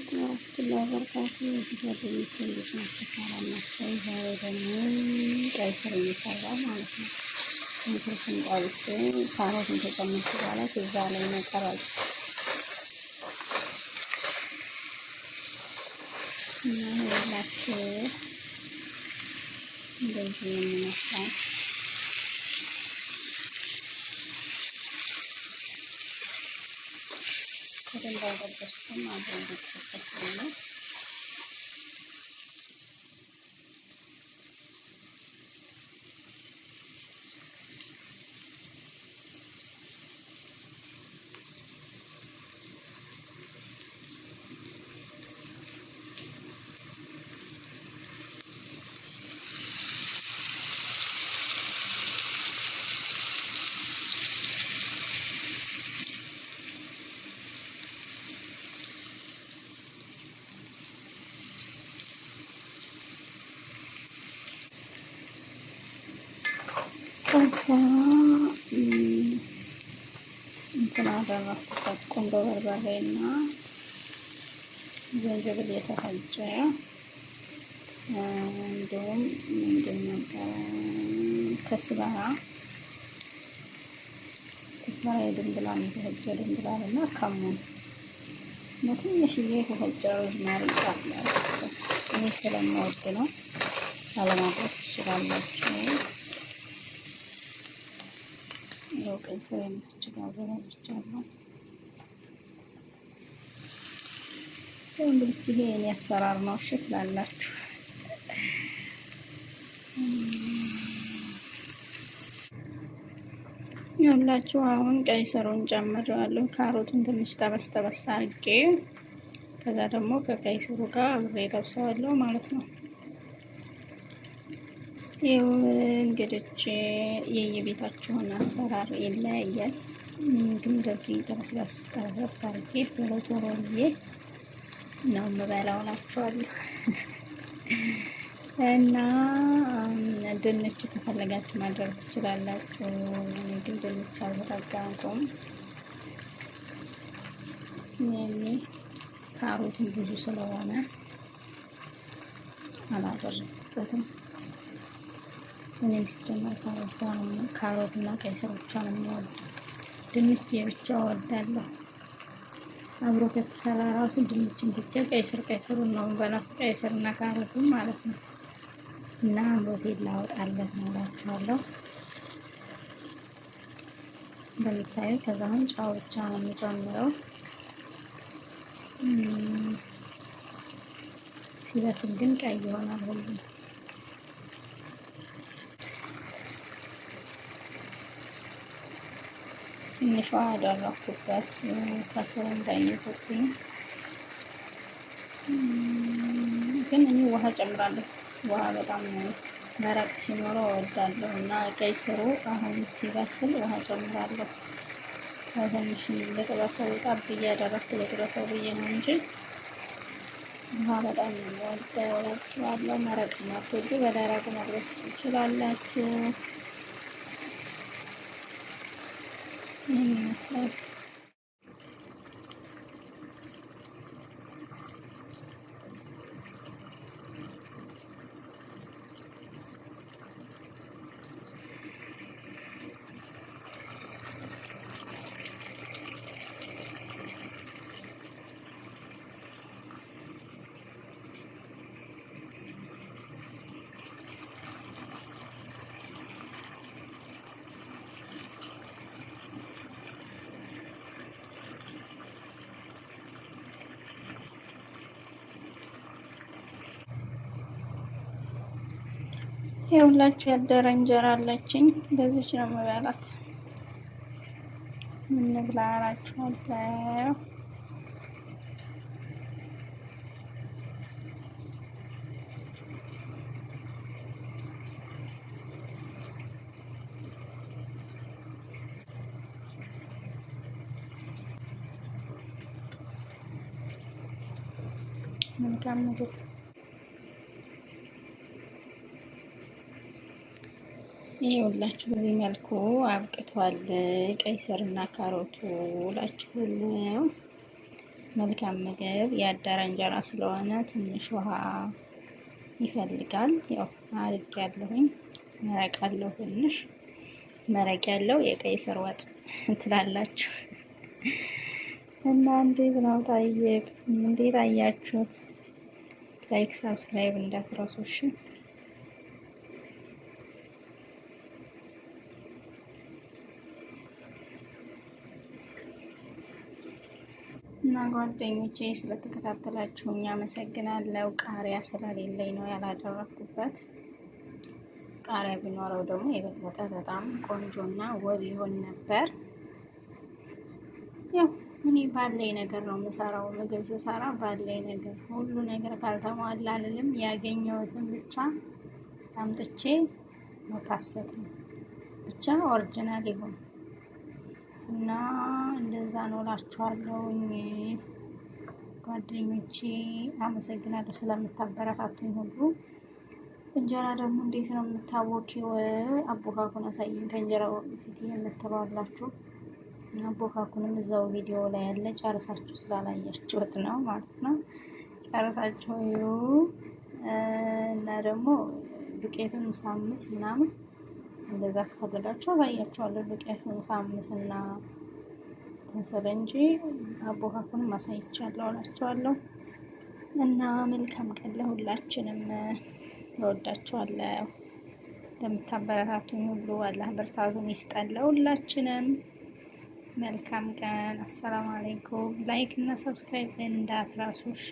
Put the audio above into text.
ወረህመቱላሂ ወበረካቱ ጓደኞች እንዴት ናቸው? ሰላም ናቸው? ዛሬ ደግሞ ቀይ ስር እየሰራ ማለት ነው። ሽንኩርቱን ቆልጬ ካሮቱን ተጨመርኩ በኋላ እዛ ላይ ነቀረል እና ሁላችሁ እንደዚህ የሚመስላል እንዳይደርሳችሁ ማድረግ ይችላል። ከዛ እንትና በመክተት ቁንዶ በርበሬና ዝንጅብል የተፈጨ እንዲሁም ምንድን ነበረ ከስበራ ከስበራ የድንብላል የተፈጨ ድንብላል እና ከሙን ትንሽዬ የተፈጨ ሮዝማሪ ጫፍላል። እኔ ስለምወድ ነው አለማድረግ ትችላላችሁ። ያው ቀይ ስር የምትች አዘጋጅቻለሁ። እንግዲህ ይሄ የኔ አሰራር ነው። እሺ ትላላችሁ። ያላችሁ አሁን ቀይ ስሩን ጨምሬዋለሁ። ካሮቱን ትንሽ ጠበስ ጠበስ አድርጌ ከዛ ደግሞ ከቀይ ስሩ ጋር አብሬ ጠብሰዋለሁ ማለት ነው። ይኸው እንግዲህ የየቤታችሁን አሰራር ይለያያል። ግን እንደዚህ ጠበስለስ ጠበስለስ አድርጌ ዶሮ ዶሮ ብዬ ነው የምበላው እላችኋለሁ። እና ድንች ከፈለጋችሁ ማድረግ ትችላላችሁ። ግን ድንች አልዘጋጋንኩም። ይሄኔ ካሮትን ብዙ ስለሆነ አላደረግኩትም። እኔም ሲጀመር ካሮት እና ቀይ ስር ብቻ ነው ድንች የብቻ እወዳለሁ። አብሮ ከተሰራ ራሱ ድንችን ትቼ ቀይ ስር ቀይ ነው ቀይ ስር እና ካሮቱን ማለት ነው። እና ላወጣለት ነው ከዛሁን ብቻ ነው የሚጨምረው። ሲበስል ግን ቀይ ይሆናል ሁሉም ትንሿ አደረኩበት ከስር እንዳይዘብኝ። ግን እኔ ውሃ ጨምራለሁ። ውሃ በጣም መረቅ ሲኖረው እወዳለሁ እና ቀይ ስሩ አሁን ሲበስል ውሃ ጨምራለሁ። ትንሽ ልጥበሰው ጣብ እያደረግኩ ልጥበሰው ብዬ ነው እንጂ ውሃ በጣም ወዳችኋለሁ። መረቅ ማትወዱ በደረቁ መድረስ ትችላላችሁ። listening. ይኸውላችሁ ያደረ እንጀራ አለችኝ። በዚች ነው የምበላት። ምን ብላ አላችኋለሁ። መልካም ምግብ ይኸውላችሁ በዚህ መልኩ አብቅቷል። ቀይ ስርና ካሮቱ ሁላችሁም መልካም ምግብ። የአዳር እንጀራ ስለሆነ ትንሽ ውሃ ይፈልጋል። ያው አርግ ያለሁኝ መረቅ አለው ትንሽ መረቅ ያለው የቀይ ስር ወጥ ትላላችሁ እና እንዴት ነው ታየብ? እንዴት አያችሁት? ላይክ፣ ሰብስክራይብ እንዳትረሱሽን እና ጓደኞቼ ስለተከታተላችሁ አመሰግናለሁ። ቃሪያ ስለሌለኝ ነው ያላደረኩበት። ቃሪያ ቢኖረው ደግሞ የበለጠ በጣም ቆንጆና ውብ ይሆን ነበር። ያው እኔ ባለኝ ነገር ነው የምሰራው። ምግብ ስሰራ ባለኝ ነገር ሁሉ ነገር ካልተሟላ አልልም። ያገኘሁትን ብቻ አምጥቼ መካሰት ነው ብቻ ኦሪጂናል ይሆን እና እንደዛ ነው እላችኋለሁኝ ጓደኞቼ። አመሰግናለሁ ስለምታበረታቱኝ ሁሉ። እንጀራ ደግሞ እንዴት ነው የምታወቂው አቦካኩን አሳይን ከእንጀራ በፊት የምትለዋላችሁ አቦካኩንም እዛው ቪዲዮ ላይ ያለ ጨርሳችሁ ስላላያችሁት ነው ማለት ነው። ጨርሳችሁ እና ደግሞ ዱቄቱን ሳምስ ምናምን እንደዛ ከፈለጋችሁ አሳያችኋለሁ። ዱቄቱን ሳምስና ተንሰለ እንጂ አቦካኩን ማሳይቻለሁ እላችኋለሁ። እና መልካም ቀን ለሁላችንም። እወዳችኋለሁ። ለምታበረታቱኝ ሁሉ አላህ ብርታቱን ይስጠን ለሁላችንም። መልካም ቀን። አሰላሙ አለይኩም። ላይክ እና ሰብስክራይብ እንዳትረሱ እሺ።